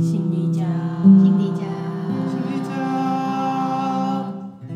心理家，心理家，心理家、嗯。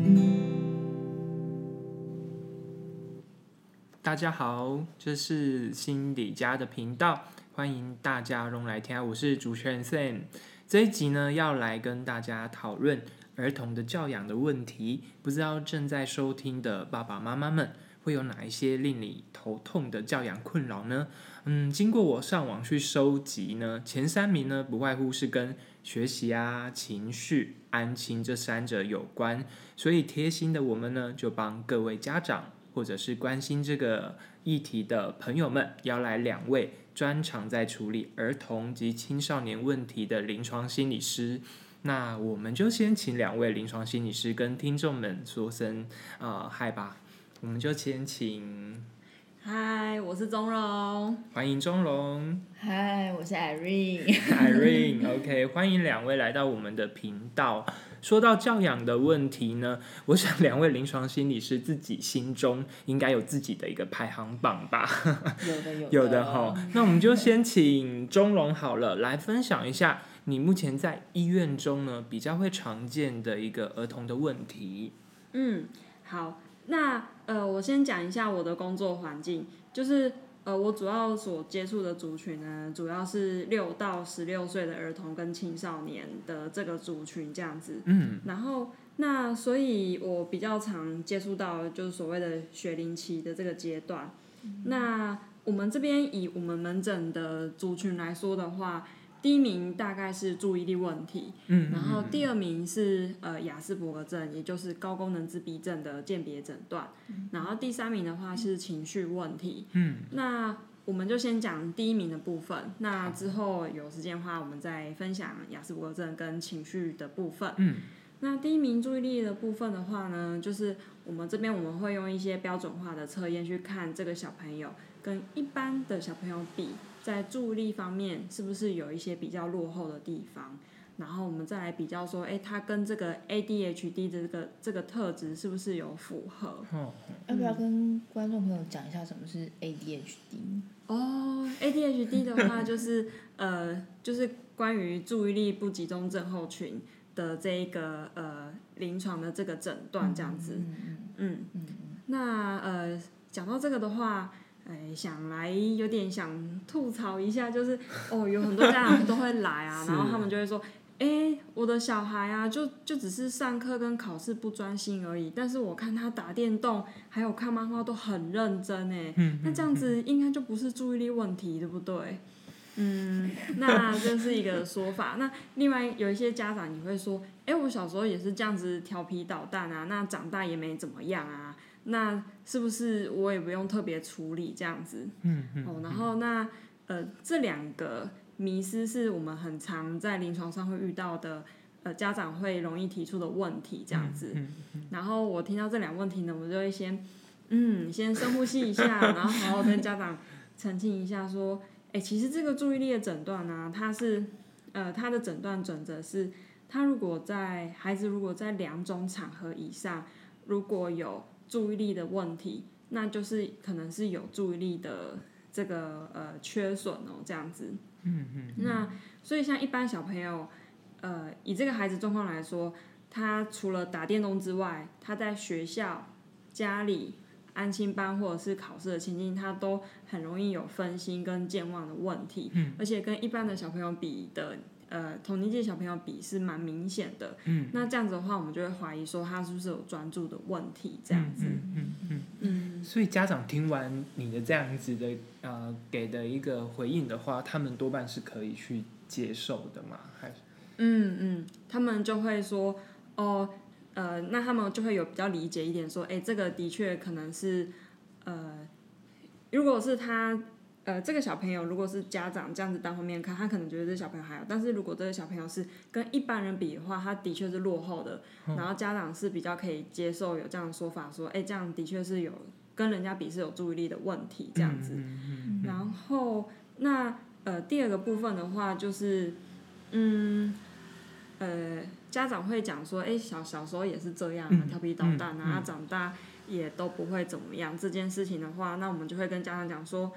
大家好，這是心理家的頻道，歡迎大家來聽。我是主持人 Sam，這一集呢要來跟大家討論兒童的教養的問題。不知道正在收聽的爸爸媽媽們，會有哪一些令你頭痛的教養困擾呢？嗯，經過我上網去收集，呢，前三名呢不外乎是跟學習啊、情緒、安親這三者有關。所以貼心的我們呢，就幫各位家長或者是關心這個議題的朋友們，邀來兩位專長在處理兒童及青少年問題的臨床心理師。那我們就先請兩位臨床心理師跟聽眾們說聲啊、嗨、呃、吧。我們就先請，嗨，我是鍾龍。歡迎鍾龍。嗨，我是艾瑞。艾瑞，OK，歡迎兩位來到我們的頻道。 說到教養的問題呢，我想兩位臨床心理師自己心中應該有自己的一個排行榜吧？ 有的，有的哈。有的，有的，哦。 那我們就先請鍾龍好了，來分享一下你目前在醫院中呢比較會常見的一個兒童的問題。嗯，好。那呃，我先講一下我的工作環境，就是呃，我主要所接觸的族群呢，主要是六到十六歲的兒童跟青少年的這個族群這樣子。嗯，然後那所以，我比較常接觸到就是所謂的學齡期的這個階段，嗯。那我們這邊以我們門診的族群來說的話。第一名大概是注意力問題，嗯，然後第二名是，嗯，呃亞斯伯格症，也就是高功能自閉症的鑑別診斷，嗯，然後第三名的話是情緒問題，嗯，那我們就先講第一名的部分，那之後有時間的話，我們再分享亞斯伯格症跟情緒的部分，嗯，那第一名注意力的部分的話呢，就是我們這邊我們會用一些標準化的測驗去看這個小朋友跟一般的小朋友比。在注意力方面，是不是有一些比較落後的地方？然後我們再來比較說，哎、欸，它跟這個 ADHD 的這個這個特質是不是有符合？啊嗯、要不要跟觀眾朋友講一下什麼是 ADHD？哦、oh，ADHD 的話就是 呃，就是關於注意力不集中症候群的這一個呃臨床的這個診斷這樣子。嗯嗯嗯、嗯。那呃，講到這個的話。哎、欸，想來有點想吐槽一下，就是哦，有很多家長都會來啊， 啊然後他們就會說，哎、欸，我的小孩啊，就就只是上課跟考試不專心而已，但是我看他打電動還有看漫畫都很認真哎， 那這樣子應該就不是注意力問題，對不對？ 嗯，那這是一個說法。那另外有一些家長也會說，哎、欸，我小時候也是這樣子調皮搗蛋啊，那長大也沒怎麼樣啊。那是不是我也不用特別處理這樣子？嗯嗯。哦，然後那呃，這兩個迷思是我們很常在臨床上會遇到的，呃，家長會容易提出的問題這樣子。嗯嗯嗯、然後我聽到這兩個問題呢，我就會先嗯，先深呼吸一下， 然後好好跟家長澄清一下，說，哎、 欸，其實這個注意力的診斷呢，它是呃，它的診斷準則是，他如果在孩子如果在兩種場合以上如果有。注意力的問題，那就是可能是有注意力的這個呃缺損哦，這樣子。嗯嗯嗯、那所以像一般小朋友，呃，以這個孩子狀況來說，他除了打電動之外，他在學校、家裡、安親班或者是考試的情境，他都很容易有分心跟健忘的問題。嗯、而且跟一般的小朋友比的。呃，同年紀小朋友比是蠻明顯的。嗯，那這樣子的話，我們就會懷疑說他是不是有專注的問題，這樣子。嗯嗯嗯，嗯，嗯。所以家長聽完你的這樣子的呃給的一個回應的話，他們多半是可以去接受的嘛？還是？嗯嗯，他們就會說哦，呃，那他們就會有比較理解一點說，說、欸、哎，這個的確可能是呃，如果是他。呃，這個小朋友如果是家長這樣子單方面看，他可能覺得這小朋友還好。但是如果這個小朋友是跟一般人比的話，他的確是落後的。Oh. 然後家長是比較可以接受有這樣的說法，說，哎、欸，這樣的確是有跟人家比是有注意力的問題這樣子。嗯嗯嗯、然後那呃第二個部分的話，就是嗯呃家長會講說，哎、欸、小小時候也是這樣調皮搗蛋，嗯嗯、然後他長大也都不會怎麼樣這件事情的話，那我們就會跟家長講說。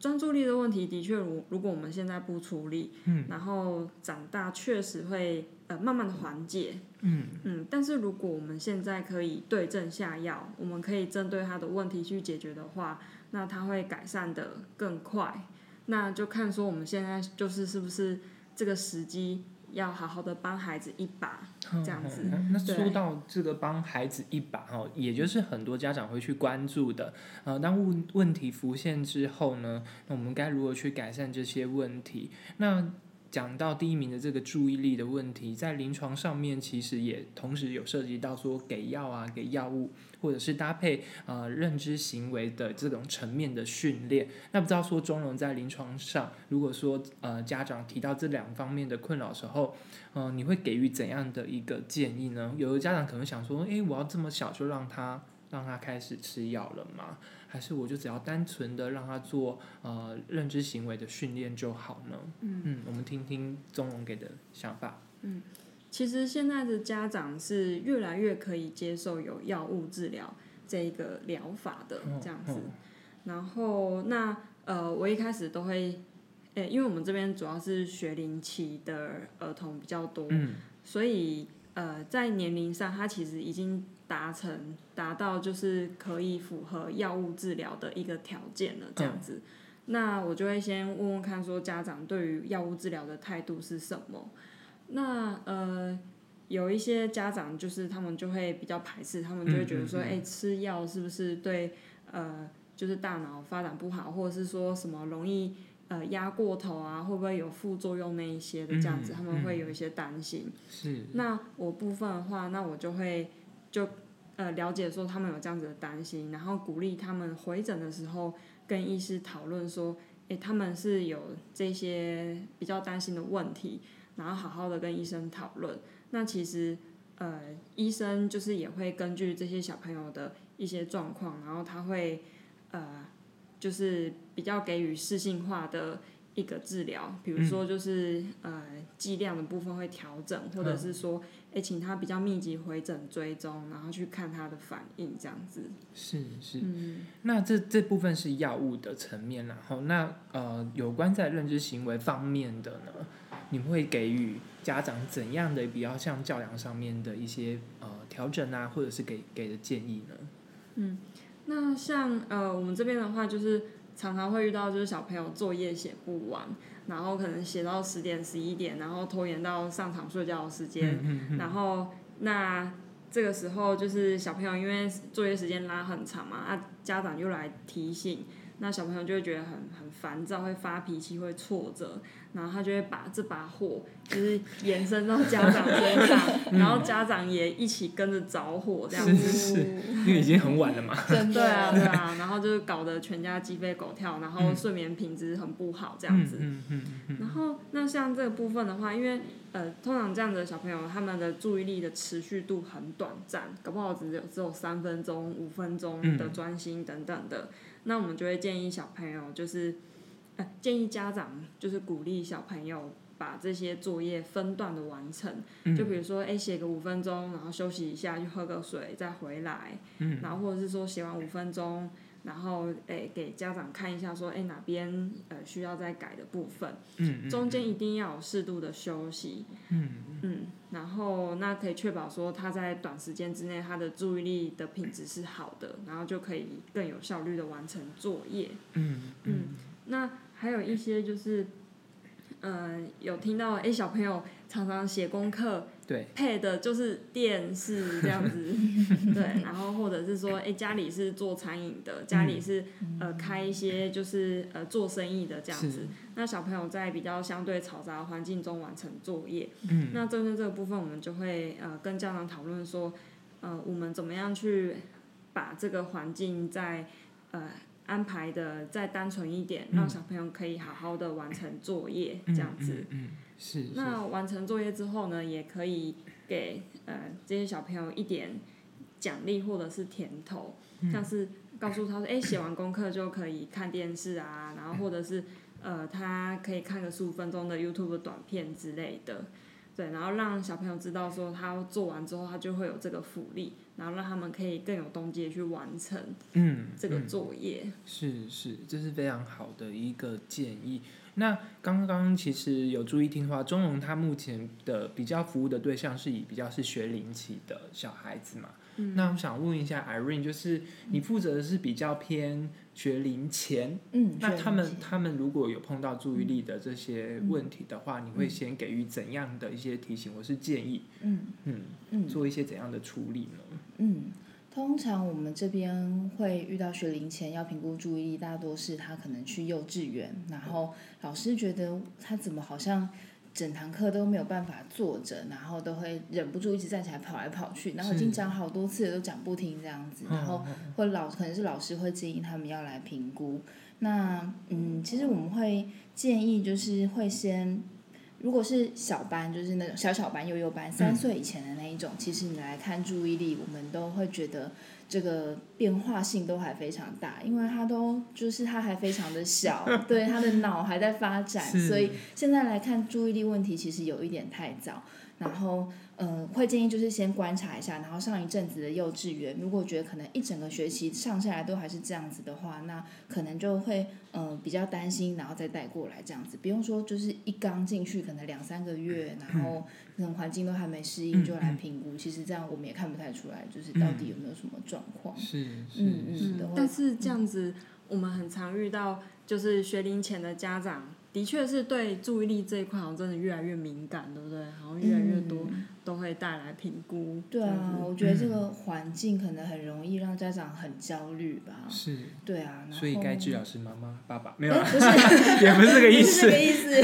專注力的問題的確如，如果我們現在不處理，嗯，然後長大確實會呃慢慢的緩解，嗯嗯，但是如果我們現在可以對症下藥，我們可以針對他的問題去解決的話，那他會改善的更快。那就看說我們現在就是是不是這個時機。要好好的幫孩子一把，嗯，這樣子。那說到這個幫孩子一把哈，也就是很多家長會去關注的。呃，當問問題浮現之後呢，那我們該如何去改善這些問題？那講到第一名的這個注意力的問題，在臨床上面其實也同時有涉及到說給藥啊，給藥物。或者是搭配呃認知行為的這種層面的訓練，那不知道說鍾榮在臨床上，如果說呃家長提到這兩方面的困擾時候，嗯、呃，你會給予怎樣的一個建議呢？有的家長可能想說，誒、欸，我要這麼小就讓他讓他開始吃藥了嗎？還是我就只要單純的讓他做呃認知行為的訓練就好呢？嗯嗯，我們聽聽鍾榮給的想法。嗯。其實現在的家長是越來越可以接受有藥物治療這個療法的這樣子，然後那呃我一開始都會、欸，因為我們這邊主要是學齡期的兒童比較多，所以呃在年齡上他其實已經達成達到就是可以符合藥物治療的一個條件了這樣子，那我就會先問問看說家長對於藥物治療的態度是什麼。那呃，有一些家長就是他們就會比較排斥，他們就會覺得說，哎、嗯嗯嗯欸，吃藥是不是對呃，就是大腦發展不好，或者是說什麼容易呃壓過頭啊，會不會有副作用那一些的這樣子，他們會有一些擔心。嗯，嗯是，那我部分的話，那我就會就呃了解說他們有這樣子的擔心，然後鼓勵他們回診的時候跟醫師討論說，哎、欸，他們是有這些比較擔心的問題。然後好好的跟醫生討論。那其實，呃，醫生就是也會根據這些小朋友的一些狀況，然後他會，呃，就是比較給予適性化的一個治療。比如說，就是、嗯、呃，劑量的部分會調整，或者是說，哎、嗯，請他比較密集回診追蹤，然後去看他的反應，這樣子。是是、嗯。那這這部分是藥物的層面，然後那呃，有關在認知行為方面的呢？你們會給予家長怎樣的比較像教養上面的一些呃調整啊，或者是給給的建議呢？嗯，那像呃我們這邊的話，就是常常會遇到就是小朋友作業寫不完，然後可能寫到十點十一點，然後拖延到上床睡覺的時間，嗯哼哼，然後那這個時候就是小朋友因為作業時間拉很長嘛，啊家長又來提醒。那小朋友就會覺得很很煩躁，會發脾氣，會挫折，然後他就會把這把火就是延伸到家長身上， 然後家長也一起跟着着火這樣子是是是呼呼，因為已經很晚了嘛。真 的啊，對啊，然後就是搞得全家雞飛狗跳，然後睡眠品質很不好這樣子。嗯、然後那像這個部分的話，因為呃，通常這樣子的小朋友他們的注意力的持續度很短暫，搞不好只有只有三分鐘、五分鐘的專心等等的。嗯那我們就會建議小朋友，就是、呃、建議家長，就是鼓勵小朋友把這些作業分段的完成，嗯、就比如說誒寫個五分鐘，然後休息一下，去喝個水，再回來，嗯、然後或者是說，寫完五分鐘，嗯、然後誒給家長看一下說，說誒哪邊呃需要再改的部分、嗯，中間一定要有適度的休息，嗯。嗯然後，那可以確保說他在短時間之內，他的注意力的品質是好的，然後就可以更有效率的完成作業。嗯嗯，嗯，那還有一些就是，嗯、呃，有聽到誒小朋友常常寫功課。對，配的就是電視這樣子， 對，然後或者是說，哎、欸，家裡是做餐飲的，家裡是、嗯、呃開一些就是呃做生意的這樣子，那小朋友在比較相對嘈雜環境中完成作業，嗯，那針對這個部分，我們就會呃跟家長討論說，呃，我們怎麼樣去把這個環境再呃安排的再單純一點，讓小朋友可以好好的完成作業這樣子，嗯。嗯嗯嗯是是，那完成作業之後呢，也可以給呃這些小朋友一點獎勵或者是甜頭，嗯、像是告訴他說，哎、欸，寫完功課就可以看電視啊，然後或者是呃他可以看個十五分鐘的 YouTube 短片之類的，對，然後讓小朋友知道說他做完之後他就會有這個福利，然後讓他們可以更有動機去完成，嗯，這個作業、嗯嗯、是是這是非常好的一個建議。那剛剛其實有注意聽的話，中龍他目前的比較服務的對象是以比較是學齡期的小孩子嘛。嗯，那我想問一下 Irene，就是你負責的是比較偏學齡前，嗯，那他們他們如果有碰到注意力的這些問題的話，嗯，你會先給予怎樣的一些提醒？我是建議，嗯嗯，做一些怎樣的處理呢？嗯。通常我們這邊會遇到學齡前要評估注意力，大多是他可能去幼稚園，然後老師覺得他怎麼好像整堂課都沒有辦法坐着，然後都會忍不住一直站起來跑來跑去，然後已經講好多次都講不聽這樣子，然後或老可能是老師會建議他們要來評估。那嗯，其實我們會建議就是會先。如果是小班，就是那種小小班、幼幼班，三歲以前的那一種、嗯，其實你來看注意力，我們都會覺得這個變化性都還非常大，因為他都就是他還非常的小， 對他的腦還在發展，所以現在來看注意力問題，其實有一點太早。然後，呃，會建議就是先觀察一下。然後上一陣子的幼稚園，如果覺得可能一整個學期上下來都還是這樣子的話，那可能就會呃比較擔心，然後再帶過來這樣子。不用說，就是一剛進去可能兩三個月，然後可能環境都還沒適應、嗯、就來評估、嗯，其實這樣我們也看不太出來，就是到底有沒有什麼狀況。嗯嗯嗯，嗯。但是這樣子，我們很常遇到就是學齡前的家長。的確是對注意力這一塊好像真的越來越敏感，對不對？好像越來越多、嗯、都會帶來評估。對啊，我覺得這個環境可能很容易讓家長很焦慮吧。是。對啊，所以該至少是媽媽、爸爸沒有、欸？不是， 也不是這個意思。 不是這個意思。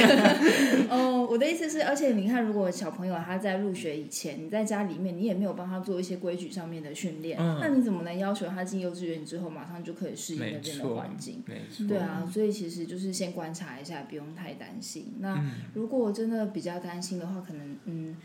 哦、 oh,，我的意思是，而且你看，如果小朋友他在入學以前，你在家裡面你也沒有幫他做一些規矩上面的訓練、嗯，那你怎麼能要求他進幼稚園之後馬上就可以適應那邊的環境？沒錯。對啊，所以其實就是先觀察一下，比如。不用太擔心。那如果真的比較擔心的話，嗯、可能嗯，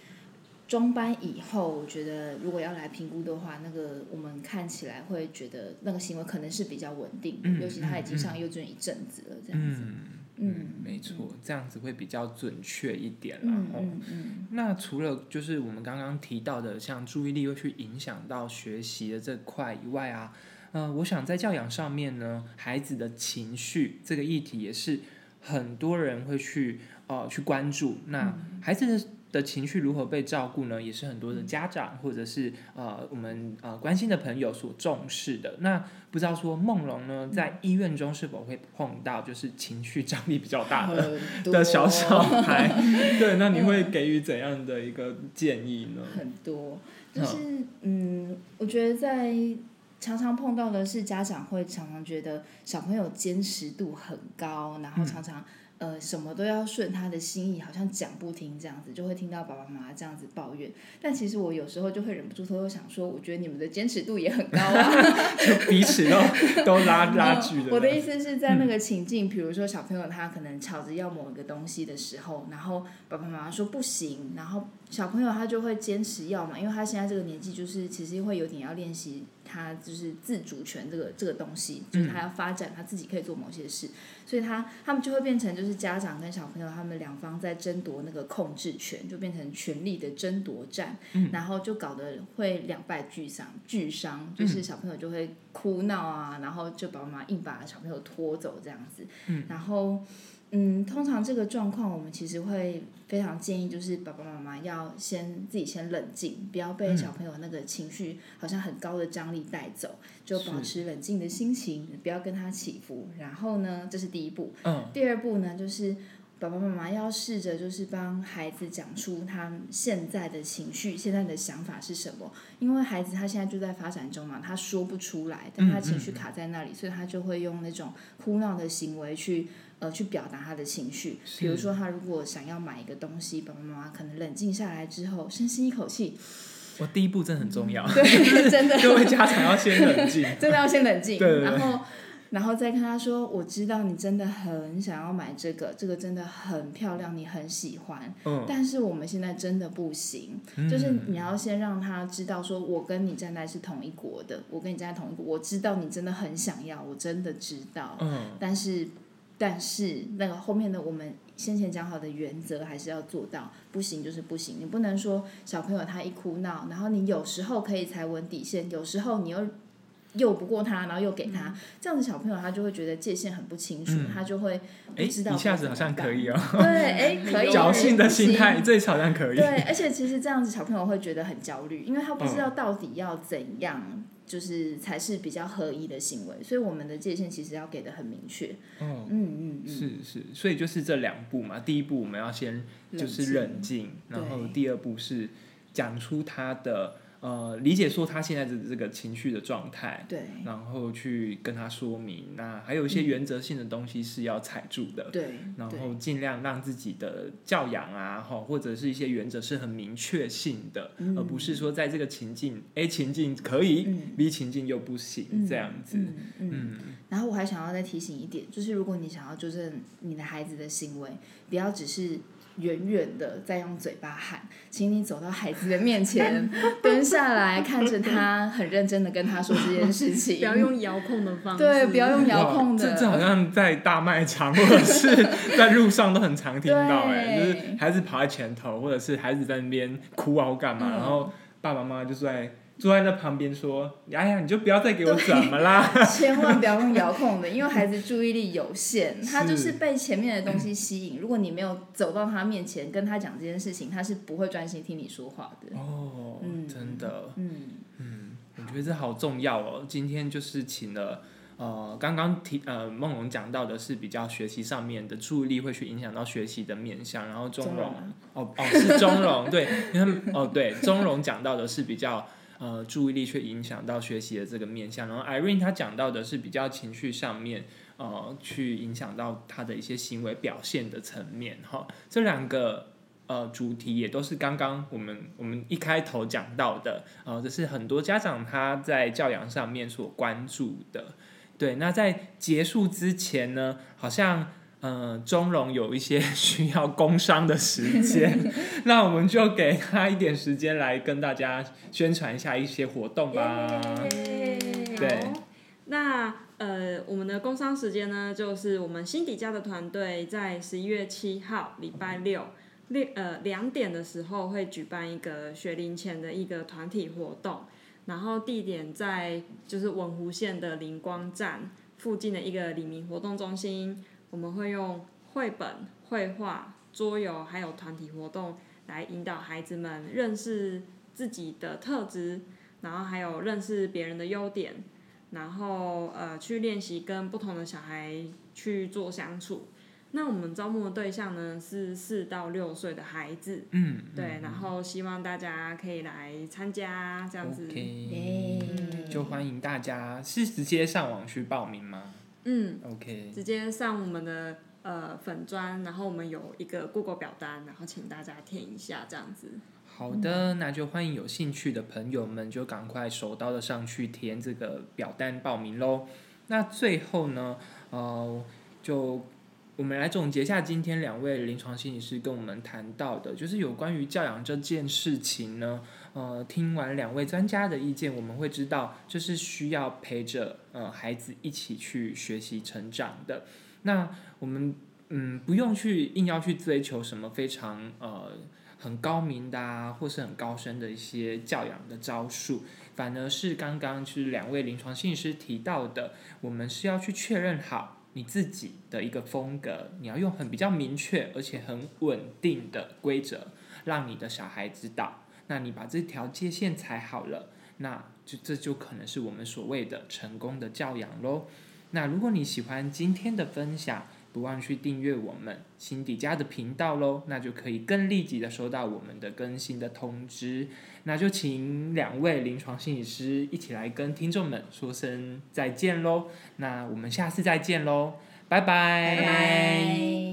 中班以後，我覺得如果要來評估的話，那個我們看起來會覺得那個行為可能是比較穩定，嗯、尤其他已經上幼稚園一陣子了、嗯，這樣子，嗯，嗯沒錯、嗯，這樣子會比較準確一點、啊。然、嗯、後、哦嗯嗯，那除了就是我們剛剛提到的像注意力會去影響到學習的這塊以外啊，嗯、呃，我想在教養上面呢，孩子的情緒這個議題也是。很多人會去呃去關注，那孩子的情緒如何被照顧呢？也是很多的家長或者是呃我們啊、呃、關心的朋友所重視的。那不知道說夢龍呢，在醫院中是否會碰到就是情緒張力比較大的、啊、的小小孩？ 對，那你會給予怎樣的一個建議呢？很多，就是嗯，我覺得在。常常碰到的是家長會常常覺得小朋友堅持度很高，然後常常、嗯、呃什麼都要順他的心意，好像講不聽這樣子，就會聽到爸爸媽媽這樣子抱怨。但其實我有時候就會忍不住偷偷想說，我覺得你們的堅持度也很高啊， 就彼此都 都拉拉鋸的、嗯。我的意思是在那個情境，比如說小朋友他可能吵着要某一個東西的時候，然後爸爸媽媽說不行，然後小朋友他就會堅持要嘛，因為他現在這個年紀就是其實會有點要練習。他就是自主權這個這個東西，就是他要發展他自己可以做某些事，所以他他們就會變成就是家長跟小朋友他們兩方在爭奪那個控制權，就變成權力的爭奪戰，嗯、然後就搞得會兩敗俱傷，俱傷就是小朋友就會哭鬧啊，然後就把媽媽硬把小朋友拖走這樣子，然後。嗯，通常這個狀況，我們其實會非常建議，就是爸爸媽媽要先自己先冷靜，不要被小朋友那個情緒好像很高的張力帶走，就保持冷靜的心情，不要跟他起伏。然後呢，這是第一步。嗯。Oh。第二步呢，就是爸爸媽媽要試着就是幫孩子講出他現在的情緒，現在的想法是什麼。因為孩子他現在就在發展中嘛，他說不出來，但他情緒卡在那裡，嗯，所以他就會用那種哭鬧的行為去。呃，去表達他的情緒，比如說他如果想要買一個東西，爸爸媽媽可能冷靜下來之後，深吸一口氣。我第一步真的很重要，對、嗯， 就是、 真的各位家長要先冷靜， 真的要先冷靜， 對對對，然後，然後再跟他說，我知道你真的很想要買這個，這個真的很漂亮，你很喜歡，嗯、但是我們現在真的不行，就是你要先讓他知道，說我跟你站在是同一國的，我跟你站在同一國，我知道你真的很想要，我真的知道，嗯、但是。但是那個後面的我們先前講好的原則還是要做到，不行就是不行，你不能說小朋友他一哭鬧，然後你有時候可以踩穩底線，有時候你又。拗不過他，然後又給他，這樣的小朋友他就會覺得界限很不清楚，嗯、他就會哎，一下子好像可以哦，對，哎，可以，哦，僥倖的心態，這好像可以。對，而且其實這樣子小朋友會覺得很焦慮，因為他不知道到底要怎樣，就是才是比較合一的行為。哦、所以我們的界限其實要給得很明確。哦、嗯嗯嗯，是是，所以就是這兩步嘛，第一步我們要先就是冷靜，冷靜冷靜然後第二步是講出他的。呃，理解說他現在的這個情緒的狀態，對，然後去跟他說明。那還有一些原則性的東西是要踩住的，對、嗯，然後儘量讓自己的教養啊，或者是一些原則是很明確性的，嗯、而不是說在這個情境，A 情境可以、嗯、，B 情境又不行，嗯、這樣子嗯嗯嗯。嗯，然後我還想要再提醒一點，就是如果你想要糾正你的孩子的行為，不要只是。遠遠的在用嘴巴喊，請你走到孩子的面前，蹲 下來 看着他，很認真的跟他說這件事情。 不要用遙控的方式。對，不要用遙控的。這。這好像在大賣場或者是在路上都很常聽到哎， 就是孩子跑在前頭，或者是孩子在那邊哭啊幹嘛、嗯，然後爸爸媽媽就在。坐在那旁邊說：“哎呀，呀，你就不要再給我怎麼啦？千萬不要用遙控的， 因為孩子注意力有限，他就是被前面的東西吸引。嗯、如果你沒有走到他面前跟他講這件事情，他是不會專心聽你說話的。哦”哦、嗯，真的，嗯嗯，我覺得這好重要哦。今天就是請了呃，剛剛提呃，夢龍講到的是比較學習上面的注意力會去影響到學習的面向，然後鍾榮、啊，哦 哦是鍾榮對， 因哦對，鍾榮講到的是比較。呃，注意力卻影響到學習的這個面向。然後 Irene 她講到的是比較情緒上面，呃，去影響到他的一些行為表現的層面。哈，這兩個呃主題也都是剛剛我們我們一開頭講到的，呃，這是很多家長他在教養上面所關注的。對，那在結束之前呢，好像。嗯、呃，中融有一些需要工商的時間， 那我們就給他一點時間來跟大家宣傳一下一些活動吧。Yeah. 對，啊、那呃，我們的工商時間呢，就是我們新迪家的團隊在十一月七號禮拜六六呃兩點的時候會舉辦一個學齡前的一個團體活動，然後地點在就是文湖線的麟光站附近的一個里民活動中心。我們會用繪本、繪畫、桌遊，還有團體活動來引導孩子們認識自己的特質，然後還有認識別人的優點，然後呃去練習跟不同的小孩去做相處。那我們招募的對象呢是四到六歲的孩子，嗯，對，嗯、然後希望大家可以來參加這樣子，Okay, yeah. 就歡迎大家是直接上網去報名嗎？嗯，OK，直接上我們的呃粉專，然後我們有一個 Google 表單，然後請大家填一下這樣子。好的，嗯、那就歡迎有興趣的朋友們就趕快手刀的上去填這個表單報名咯。那最後呢，呃，就。我們來總結一下今天兩位臨床心理師跟我們談到的，就是有關於教養這件事情呢。呃，聽完兩位專家的意見，我們會知道，這是需要陪着呃孩子一起去學習成長的。那我們嗯不用去硬要去追求什麼非常呃很高明的啊，或是很高深的一些教養的招數，反而是剛剛是兩位臨床心理師提到的，我們是要去確認好。你自己的一個風格，你要用很比較明確而且很穩定的規則，讓你的小孩知道。那你把這條界線踩好了，那就這就可能是我們所謂的成功的教養嘍。那如果你喜歡今天的分享，不忘去訂閱我們心底家的頻道嘍，那就可以更立即的收到我們的更新的通知。那就請兩位臨床心理師一起來跟聽眾們說聲再見嘍，那我們下次再見嘍，拜拜。Bye bye